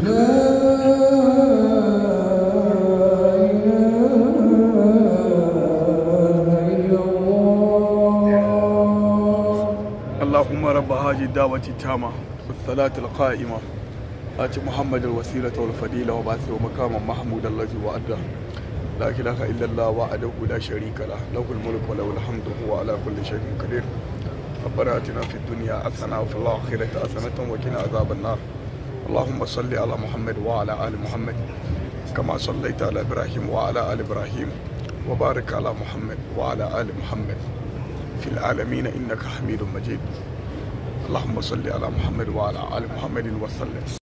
اللهم رب هذه الدعوة التامة والصلاة القائمة آت محمد الوسيلة والفضيلة وبعثه ومكام محمود الذي وعده لا إله إلا الله وعده لا شريك له له الملك وله الحمد هو على كل شيء قدير ربنا آتنا في الدنيا حسنة وفي الآخرة حسنة وقنا عذاب النار اللهم صل على محمد وعلى آل محمد كما صليت على إبراهيم وعلى آل إبراهيم وبارك على محمد وعلى آل محمد في العالمين إنك حميد مجيد اللهم صل على محمد وعلى آل محمد وسلم